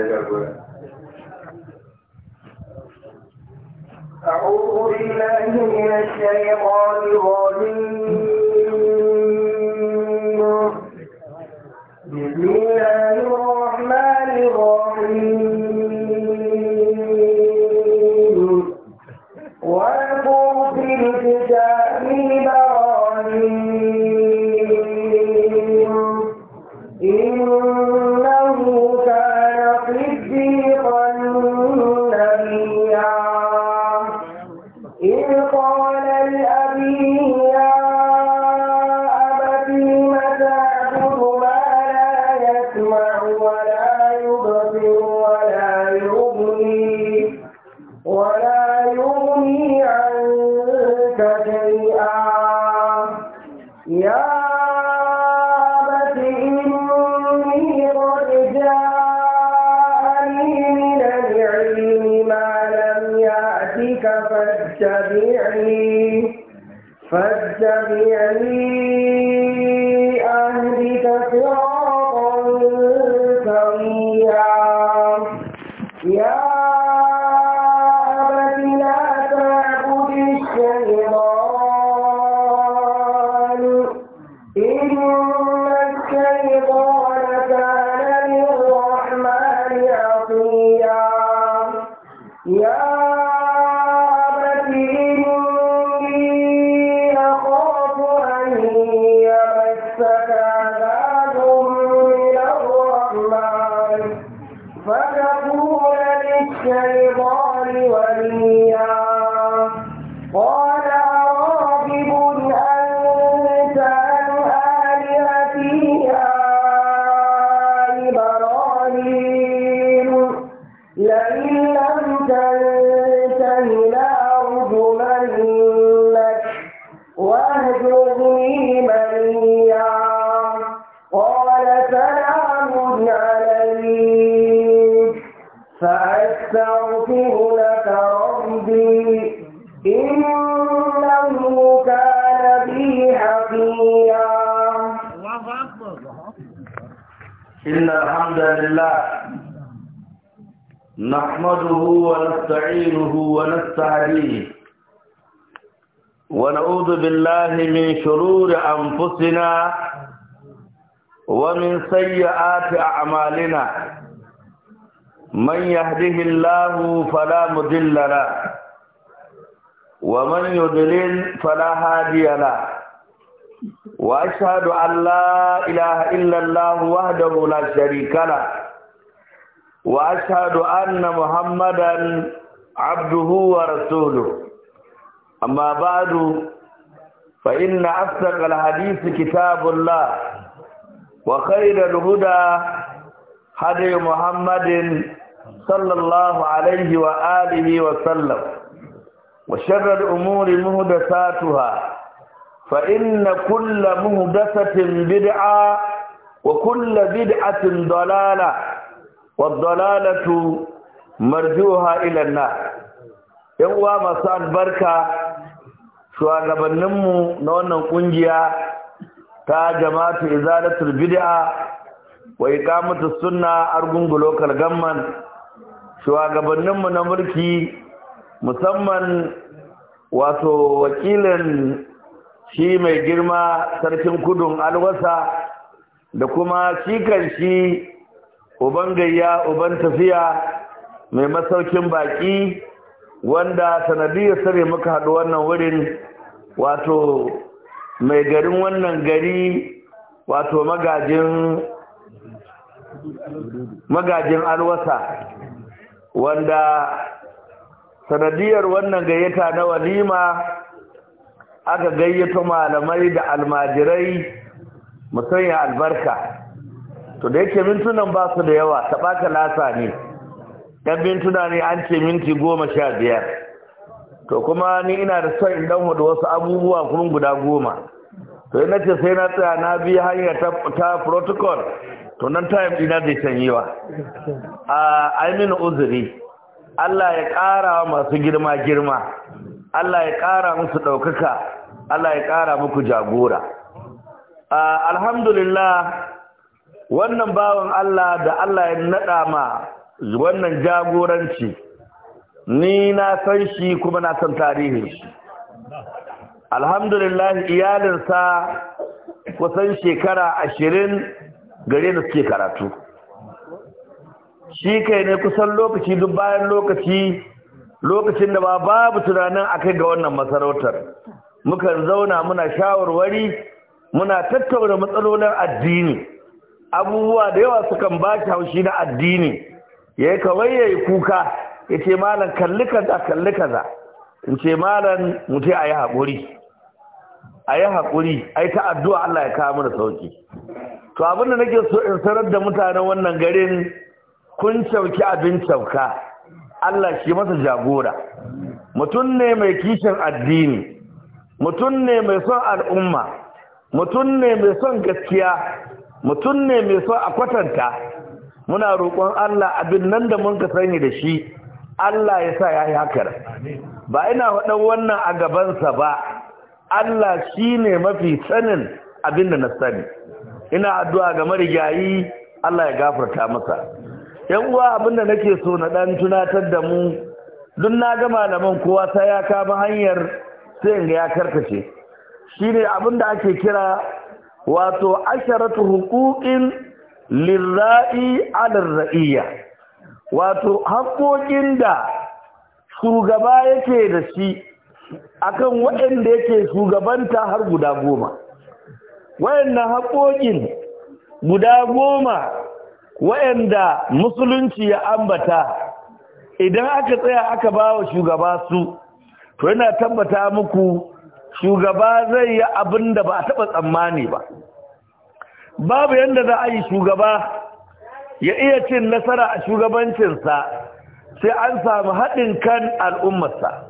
ya jagora أعوذ بالله من الشيطان الرجيم يسمع ولا يبصر ولا يغني أستغفر لك ربي إنه كان بي حفيا إن الحمد لله نحمده ونستعينه ونستهديه ونعوذ بالله من شرور أنفسنا ومن سيئات أعمالنا من يهده الله فلا مضل له ومن يضلل فلا هادي له واشهد ان لا اله الا الله وحده لا شريك له واشهد ان محمدا عبده ورسوله اما بعد فان اصدق الحديث كتاب الله وخير الهدى هدي محمد sallallahu alaihi wa alihi wa sallam wa sharrar umuri muhdasatuha fa inna kulla muhdasatin bid'a wa kulla bid'atin dalala wa dalalatu marjuha ila an-nar yan uwa masu albarka shugabanninmu na wannan kungiya ta jama'atu izalatul bid'a wa iqamatu sunna argungu local government shugabanninmu na mulki musamman wato wakilin shi mai girma sarkin kudun alwasa da kuma shi kan shi uban gayya uban tafiya mai masaukin baki wanda sanadiyar sare muka haɗu wannan wurin wato mai garin wannan gari wato magajin alwasa wanda sanadiyar wannan gayyata na walima aka gayyato malamai da almajirai musanya albarka to da yake mintunan ba su da yawa taɓaka lasa ne ɗan mintuna ne an ce minti goma sha biyar to kuma ni ina da son in ɗan hudu wasu abubuwa kuma guda goma to na ce sai na tsaya na biya hanyar ta protocol to nan time dina da ba a aimin uzuri Allah ya ƙara masu girma girma Allah ya ƙara musu ɗaukaka Allah ya ƙara muku jagora alhamdulillah wannan bawan Allah da Allah ya naɗa ma wannan jagoranci ni na san shi kuma na san tarihin shi alhamdulillah iyalinsa kusan shekara ashirin gare da suke karatu shi kai ne kusan lokaci duk bayan lokaci lokacin da ba babu tunanin akai ga wannan masarautar mukan zauna muna shawarwari muna tattauna matsalolin addini abubuwa da yawa sukan ba haushi na addini ya yi kawai ya yi kuka ya ce malam kalli kaza kalli kaza in ce malam mutu a yi haƙuri a yi haƙuri a yi ta addu'a Allah ya kawo mana sauƙi. to abin da nake so in sanar da mutanen wannan garin kun cauki abin cauka Allah shi masa jagora mutum ne mai kishin addini mutum ne mai son al'umma mutum ne mai son gaskiya mutum ne mai son a kwatanta muna roƙon Allah abin nan da mun ka sani da shi Allah ya sa ya yi hakar ba ina faɗan wannan a gabansa ba Allah shi ne mafi sanin abin da na sani ina addu'a ga marigayi Allah ya gafarta masa yan uwa abin da nake so na ɗan tunatar da mu duk na ga malaman kowa ta ya kama hanyar sai ga ya karkace shine abin da ake kira wato asharatu hukukin lirra'i 'ala wato haƙoƙin da shugaba yake da shi akan waɗanda yake shugabanta har guda goma waɗannan haƙoƙin guda goma waɗanda musulunci ya ambata idan aka tsaya aka ba wa shugaba su to yana tabbata muku shugaba zai yi abin da ba a taɓa tsammani ba babu yadda za a yi shugaba ya iya cin nasara a shugabancinsa sai an samu haɗin kan al'ummarsa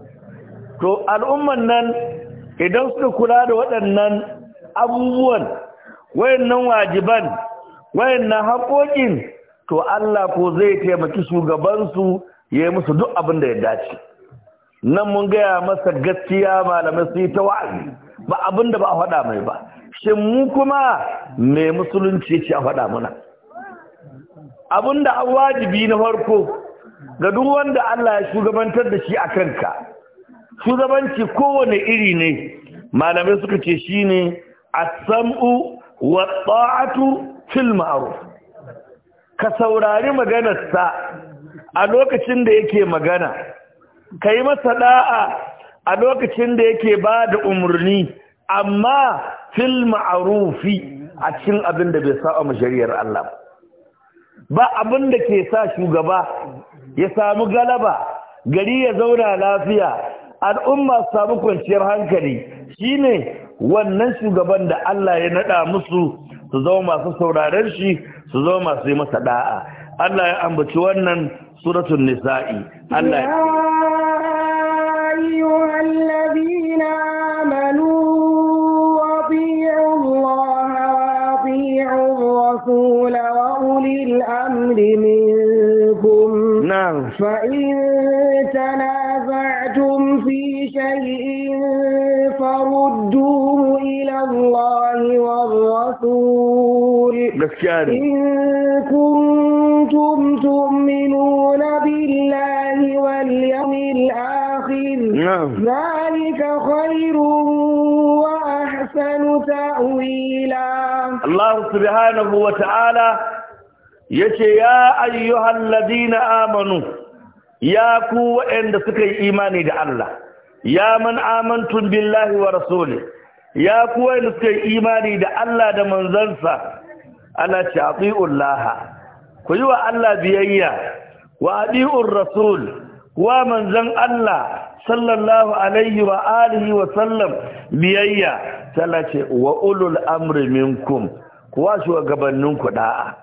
to al'umman nan idan suka kula da waɗannan abubuwan wayannan wajiban wayannan haƙoƙin to Allah ko zai taimaki shugabansu ya yi musu duk abin da ya dace nan mun gaya masa gaskiya malamai su yi ta wa'azi ba abin da ba a faɗa mai ba shin mu kuma mai musulunci ce a faɗa mana abin da an wajibi na farko ga duk wanda Allah ya shugabantar da shi a kanka shugabanci kowane iri ne malamai suka ce shi ne, a samu wa ta'atu fil ma'ruf ka saurari maganarsa a lokacin da yake magana ka yi masa da'a a lokacin da yake ba da umarni amma fil ma'arufi a cikin abin da bai sa'o mu shari'ar Allah ba abin da ke sa shugaba ya samu galaba gari ya zauna lafiya al'umma su samu kwanciyar hankali shine wannan shugaban da Allah ya nada musu su zama masu sauraren shi su zama masu yi masa da'a Allah ya ambaci wannan suratun nisa'i Allah ya ayyuhal شيء فردوه إلى الله والرسول إن كنتم تؤمنون بالله واليوم الآخر نعم. ذلك خير وأحسن تأويلا الله سبحانه وتعالى يشي يا أيها الذين آمنوا ya ku waɗanda suka yi imani da Allah ya man amantun billahi wa rasuli ya kuwa da suke imani da Allah da manzansa ana ce ati'ullah ku yi wa Allah biyayya wa ati'ur rasul wa manzan Allah sallallahu alaihi wa alihi wa sallam biyayya tana ce wa ulul amri minkum kuwa ku da'a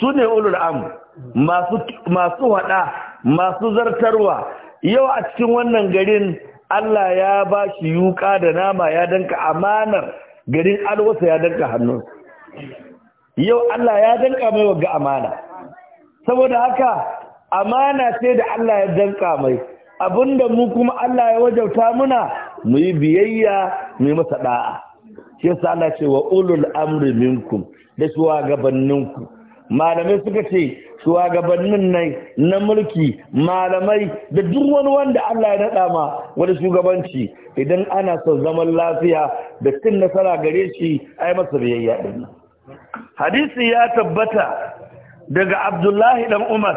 su ne ulul amri masu masu hada masu zartarwa yau a cikin wannan garin Allah ya ba shi yuka da nama ya danka amanar garin alwasa ya danka hannun yau Allah ya danka mai wa ga amana saboda haka amana ce da Allah ya danka mai abinda mu kuma Allah ya wajauta muna mu yi biyayya mu yi masa da'a shi yasa Allah ce wa ulul amri minkum da gabaninku. malamai suka ce shugabannin nan na mulki malamai da duk wani wanda Allah ya naɗa ma wani shugabanci idan ana so zaman lafiya da cin nasara gare shi ai masa biyayya din hadisi ya tabbata daga Abdullahi dan Umar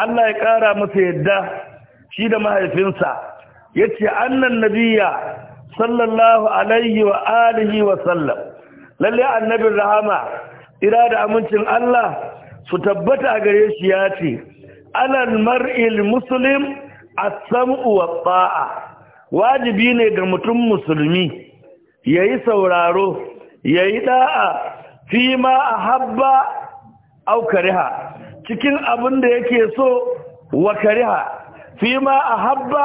Allah ya ƙara masa yadda shi da mahaifinsa yace annan nabiyya sallallahu alaihi wa alihi wa sallam lalle annabin rahama ira da amincin Allah su tabbata a gare shi ya ce alal mar'il muslim as-sam'u wa ta'a wajibi ne ga mutum musulmi yayi sauraro yayi da'a fi ma ahabba aw kariha cikin abin da yake so wa kariha fi ma ahabba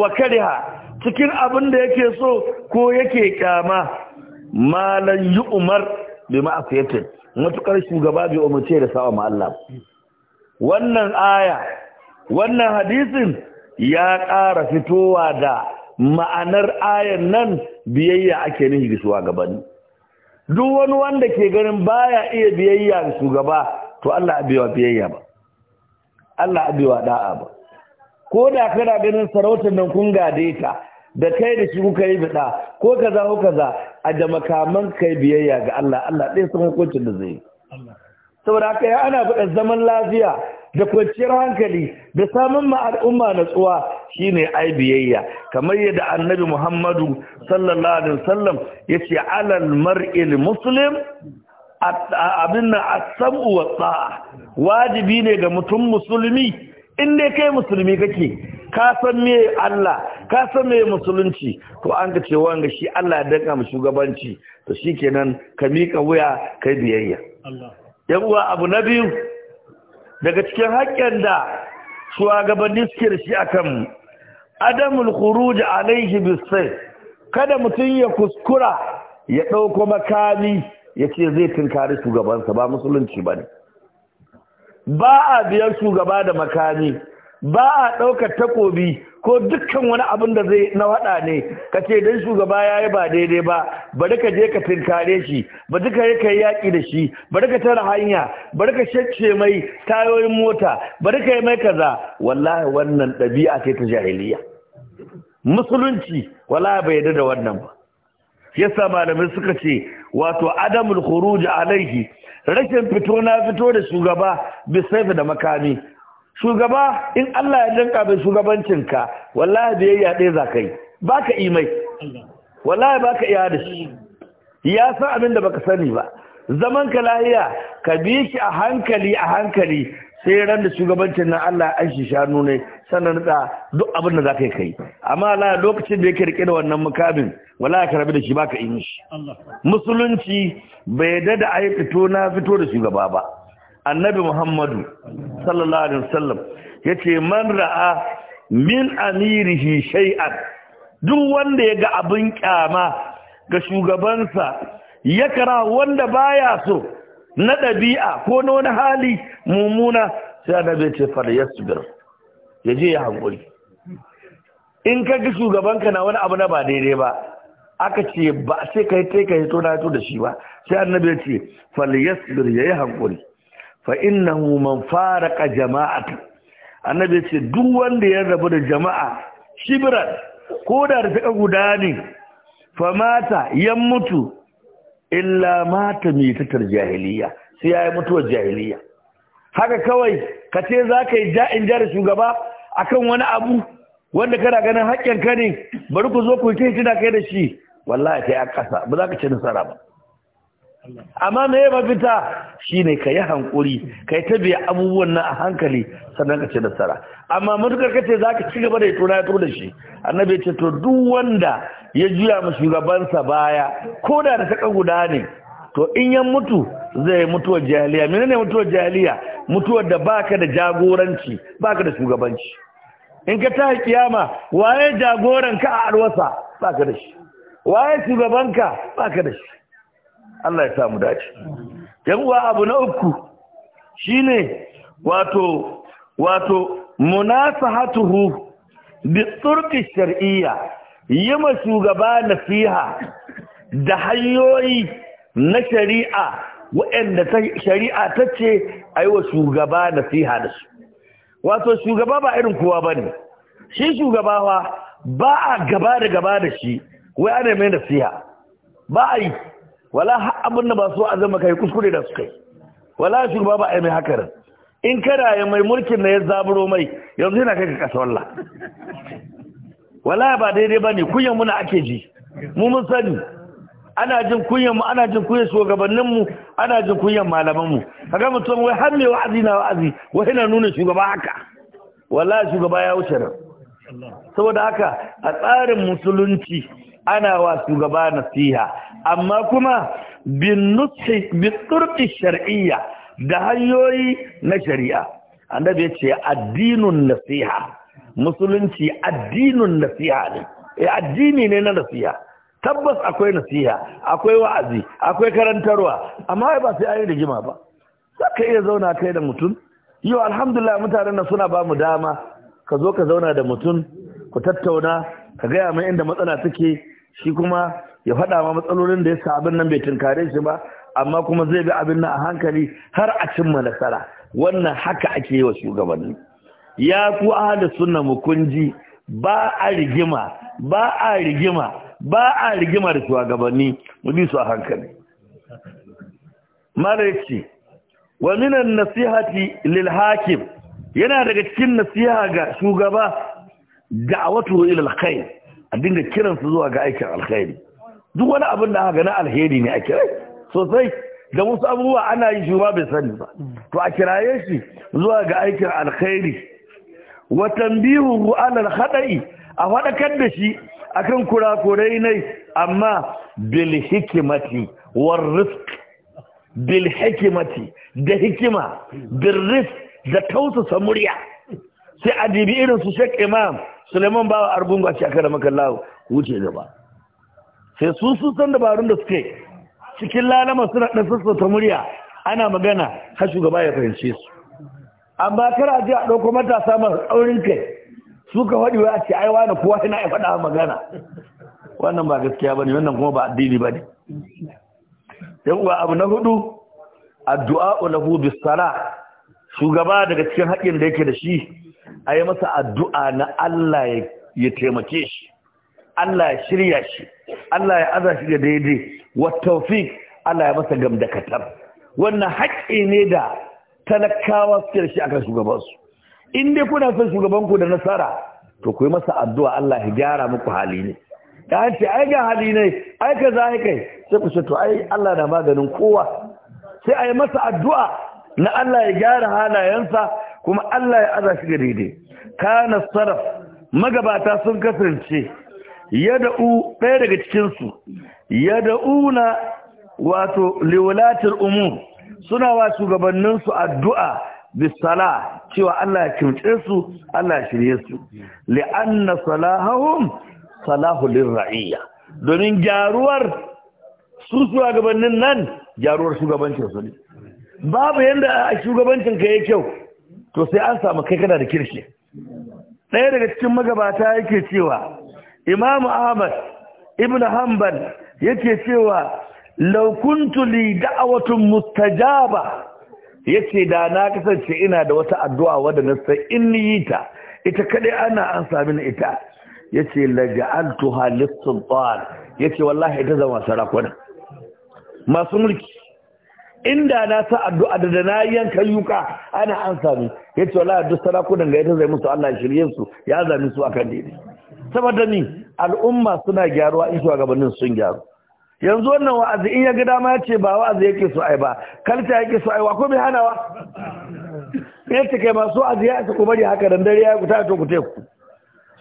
wa kariha cikin abin da yake so ko yake kyama Malam yi umar bi ma'asiyatin matukar shugaba bai umarce da sawa ma Allah wannan aya wannan hadisin ya ƙara fitowa da ma'anar ayan nan biyayya ake nihi da shugabanni duk wani wanda ke ganin baya iya biyayya ga shugaba to Allah wa biyayya ba Allah wa da'a ba ko da kana ganin sarautar nan kun gade ta da kai da shi kuka yi bida ko kaza ko kaza a da makaman kai biyayya ga Allah Allah ɗaya sun hukuncin da zai saboda haka ya ana faɗa zaman lafiya da kwanciyar hankali da samun ma al'umma natsuwa shine ai biyayya kamar yadda annabi Muhammadu sallallahu alaihi wasallam yace alal mar'il muslim abinna as-sam'u wajibi ne ga mutum musulmi in dai kai musulmi kake ka san me Allah ka san me musulunci to an ga cewa ga shi Allah ya danka mu shugabanci to shikenan ka mika wuya kai biyayya yan uwa abu na biyu daga cikin haƙƙin da shugabanni suke da shi akan mu adamul khuruj alaihi bisayf kada mutum ya kuskura ya ɗauko makami yace ce zai tunkari shugabansa ba musulunci ba ne ba a biyan shugaba da makami ba a ɗaukar takobi ko dukkan wani abin da zai na waɗa ne ka ce don shugaba ya yi ba daidai ba bari ka je ka tinkare shi bari ka yi yaƙi da shi bari ka tara hanya bari ka shacce mai tayoyin mota bari ka yi mai kaza wallahi wannan ɗabi'a ce ta jahiliya musulunci wallahi bai yarda da wannan ba yasa malamai suka ce wato adamul khuruj alaihi rashin fito na fito da shugaba bisaifa da makami shugaba in Allah ya danka bai shugabancinka wallahi biyayya ɗaya za ka yi ba ka imai wallahi ba ka iya da shi ya san abin da baka sani ba zaman ka lahiya ka bi shi a hankali a hankali sai ran da shugabancin nan Allah ya an shi shanu ne sannan da duk abin da zaka kai amma la lokacin da yake rike da wannan mukamin wala ka rabu da shi baka yi shi musulunci bai da da ayi fito na fito da shugaba ba annabi muhammadu sallallahu alaihi wasallam yace man ra'a min amirihi shay'an duk wanda ya ga abin kyama ga shugabansa ya kara wanda baya so na ɗabi'a ko na wani hali mummuna sai annabi ya ce fa yasbir ya je ya hankuri in ka ga shugabanka na wani abu na ba daidai ba aka ce ba sai kai kai kai to na to da shi ba sai annabi ya ce fal yasbir yi hankuri fa innahu man faraqa jama'ata annabi ya ce duk wanda ya rabu da jama'a shibran ko da da ta guda ne fa mata yan mutu illa mata mitatar jahiliya sai ya yi mutuwar jahiliya haka kawai ka ce za ka yi ja'in jari da shugaba kan wani abu wanda kana ganin haƙƙin ka ne bari ku zo ku yi da kai da shi wallahi kai a ƙasa ba za ka ci nasara ba amma me mafita ne ka yi hankuri ka yi tabi abubuwan nan a hankali sannan ka ci nasara amma matukar ce za ka ci gaba da tura ya da shi annabi ce to duk wanda ya juya ma shugabansa baya ko da ta guda ne to in ya mutu zai mutuwar jahiliya menene mutuwar jahiliya mutuwar da baka da jagoranci baka da shugabanci in ka ta kiyama waye jagoranka a alwasa baka da shi waye shugabanka baka da shi Allah ya samu dace yan uwa abu na uku shine wato wato munasahatuhu bi turqi shar'iyya yima shugaba nasiha da hanyoyi na shari'a waɗanda shari'a ta ce a yi wa shugaba nasiha da su wato shugaba ba irin kowa ba ne shi shugaba ba a gaba da gaba da shi wai ana mai nasiha ba a yi wala abin da ba so a zama kai kuskure da su kai wala shugaba ba a yi mai hakarin in kada ya mai mulkin na ya zaburo mai yanzu yana kai ka kasa wallah wala ba daidai ba ne kunyan muna ake ji mu mun sani ana jin kunyan mu ana jin kunyan shugabannin mu ana jin kunyan malaman mu kaga mutum wai har me wa'azi na wa'azi wai yana nuna shugaba haka wallahi shugaba ya wuce nan saboda haka a tsarin musulunci ana wa shugaba nasiha amma kuma bin nutsi bi turqi shar'iyya da hanyoyi na shari'a annabi yace addinun nasiha musulunci addinun nasiha ne eh addini ne na nasiha tabbas akwai nasiha akwai wa'azi akwai karantarwa amma ba sai ayi yi rigima ba za ka iya zauna kai da mutum yau alhamdulillah mutanen na suna ba mu dama ka zo ka zauna da mutum ku tattauna ka gaya mai inda matsala take shi kuma ya faɗa ma matsalolin da ya sa abin nan bai tunkare shi ba amma kuma zai bi abin nan a hankali har a cimma nasara wannan haka ake yi wa shugabanni ya ku ahli sunna mu kunji ba a rigima ba a rigima ba a rigima da shugabanni mu bi su a hankali malaci wa minan nasihati lil hakim yana daga cikin nasiha ga shugaba da'awatu ila alkhair a dinga kiran su zuwa ga aikin alkhairi duk wani abin da haka na alheri ne a kira sosai da wasu abubuwa ana yi shugaba bai sani ba to a kiraye shi zuwa ga aikin alkhairi wa tanbihu ala alkhada'i a faɗakar da shi a kan kurakurai ne amma bilhikimati war risk bilhikimati da hikima bil risk da tausasa murya sai a dibi irin su shek Imam Suleiman Bawa Argunga a aka da lawo wuce gaba sai su su san dabarun da suke cikin lalama suna dan ta murya ana magana har shugaba ya fahimce su amma kar a ji a ɗauko matasa masu tsaurin kai suka ka faɗi wa ce ai wani kowa yana ya faɗa magana wannan ba gaskiya ba ne wannan kuma ba addini ba ne. yan uwa abu na hudu addu'a lahu bis sala shugaba daga cikin haƙin da yake da shi ayi masa addu'a na Allah ya taimake shi Allah ya shirya shi Allah ya aza shi da daidai wa tawfiq Allah ya masa gamdakatar wannan haƙƙi ne da talakawa suke da shi akan shugabansu in dai kuna son shugaban ku da nasara to ku yi masa addu'a Allah ya gyara muku hali ne da an ce ai ga hali ne ai ka za kai sai ku ce to ai Allah na maganin kowa sai a yi masa addu'a na Allah ya gyara halayensa kuma Allah ya aza shi ga daidai kana sarraf magabata sun kasance u ɗaya daga cikin cikinsu una, wato liwalatul umur suna wa shugabanninsu addu'a bisala cewa Allah ya kimce su Allah ya shirye su li'anna salahahum salahu lirra'iyya domin gyaruwar su shugabannin nan gyaruwar shugabancin su ne babu yanda shugabancin ka yake kyau to sai an samu kai kana da kirki ɗaya daga cikin magabata yake cewa imamu ahmad ibn hanbal yake cewa law kuntu li da'watun mustajaba yace da na kasance ina da wata addu'a wadda na san in yi ta ita kadai ana an sami na ita yace laja'altuha lis-sultan yace wallahi ita zama sarakuna masu mulki inda na sa addu'a da da na yanka yuka ana an sami yace wallahi duk sarakunan ga ita zai musu Allah shirye su ya zami su akan daidai saboda ni al'umma suna gyaruwa in shugabannin sun gyaru yanzu wannan wa'azi in ya ga dama ya ce ba wa'azi yake so ai ba kalta yake so ai wa ko bai hanawa ya ce kai masu wa'azi ya isa ku bari haka dan dare ya kuta to ku te ku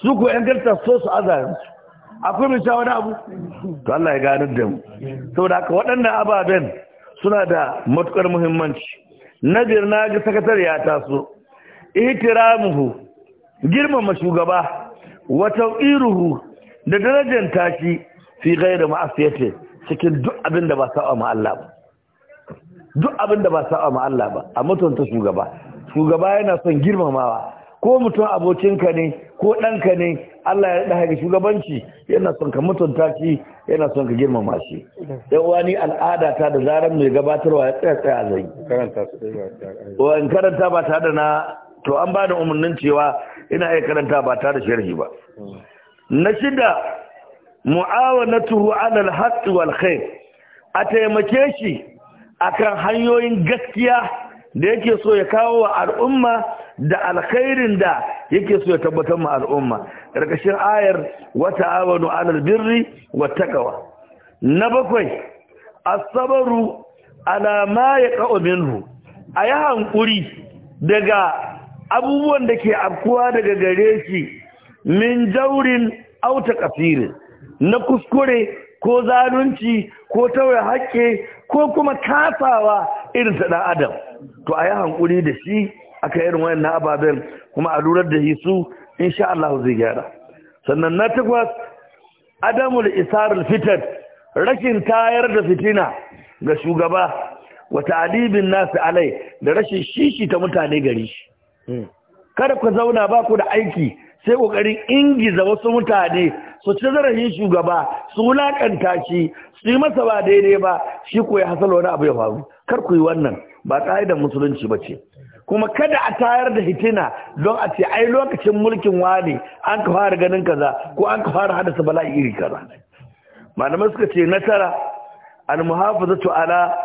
su ku yan kalta so su azarin akwai mai sha wani abu to Allah ya gani da mu saboda haka waɗannan ababen suna da matukar muhimmanci na biyar na ga sakatare ya taso ihtiramuhu girmama shugaba wa tawiruhu da darajanta shi fi gaira ma'asiyate cikin duk abin da ba sa'a ma Allah ba duk abin da ba sa'a ma Allah ba a mutunta shugaba shugaba yana son girmamawa ko mutum abokinka ne ko ɗanka ne Allah ya ɗaga shugabanci yana son ka mutunta shi yana son ka girmama shi uwa wani al'ada ta da zaran mai gabatarwa ya tsaya tsaya zai karanta su dai karanta ba ta da na to an ba da umarnin cewa ina iya karanta ba ta da sharhi ba hmm. na shida mu'awanatuhu alal haqq wal khair a taimake shi akan hanyoyin gaskiya da yake so ya kawo wa al'umma da alkhairin da yake so ya tabbatar ma al'umma karkashin ayar wa ta'awanu al birri wat taqwa na bakwai as-sabru ala ma yaqa'u minhu ayi hankuri daga abubuwan da ke afkuwa daga gare shi min auta kafirin na kuskure ko zalunci ko tauye haƙƙe ko kuma kasawa irin ta ɗan adam to a yi hankuri da shi aka irin na ababen kuma a lura da su insha Allah zai gyara sannan na takwas adamul isarul fitar, rashin tayar da fitina ga shugaba wa ta'dibin nasu alai da rashin shishi ta mutane gari hmm. kada ku zauna ba ku da aiki sai kokarin ingiza wasu mutane su ci zarafin shugaba su wulaƙanta shi su yi masa ba daidai ba shi ko ya hasala wani abu ya faru kar ku yi wannan ba da musulunci ba ce kuma kada a tayar da hitina don a ce ai lokacin mulkin wani an ka fara ganin kaza ko an ka fara hadasa bala'i iri kaza malamai suka ce na tara almuhafazatu ala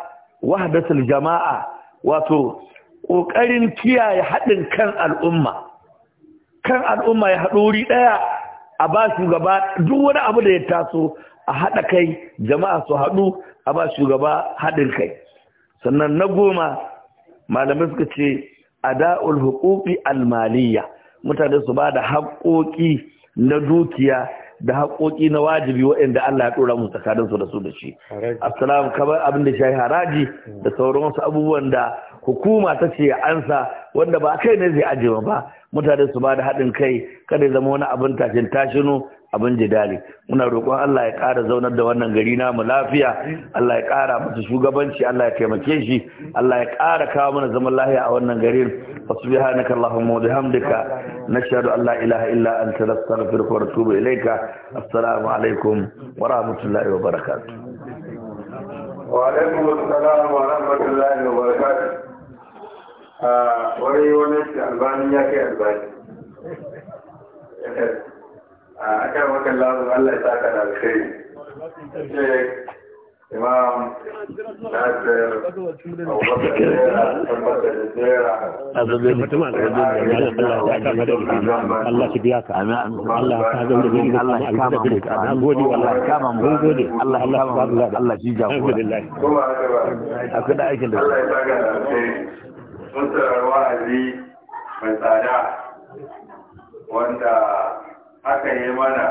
wahdatul jama'a wato kokarin kiyaye haɗin kan al'umma kan al'umma ya haɗu wuri ɗaya a ba shugaba duk wani abu da ya taso a haɗa kai jama'a su haɗu a ba shugaba haɗin kai sannan na goma malamai suka ce a ada'ul huquqi almaliya mutane su ba da haƙoƙi na dukiya da haƙoƙi na wajibi waɗanda Allah ya ɗora musu tsakanin su da su da shi assalamu kamar abin da shi haraji da sauran wasu abubuwan da hukuma ta ce ansa wanda ba kai ne zai ajewa ba mutane su ba da haɗin kai kada ya zama wani abin tashin tashinu abin jidali muna roƙon Allah ya ƙara zaunar da wannan gari namu lafiya Allah ya ƙara musu shugabanci Allah ya taimake shi Allah ya ƙara kawo mana zaman lafiya a wannan garin subhanaka allahumma wa bihamdika nashhadu an la ilaha illa anta nastaghfiruka wa natubu ilayka assalamu alaikum wa rahmatullahi wa barakatuh wa alaikum wa rahmatullahi wa barakatuh wani wani shi albani ya kai albani a kan wakan lamun Allah ya saka da alkhairi imam nasir Allah ka Allah Allah Allah Allah fasarar wa'azi mai tsada wanda aka yi mana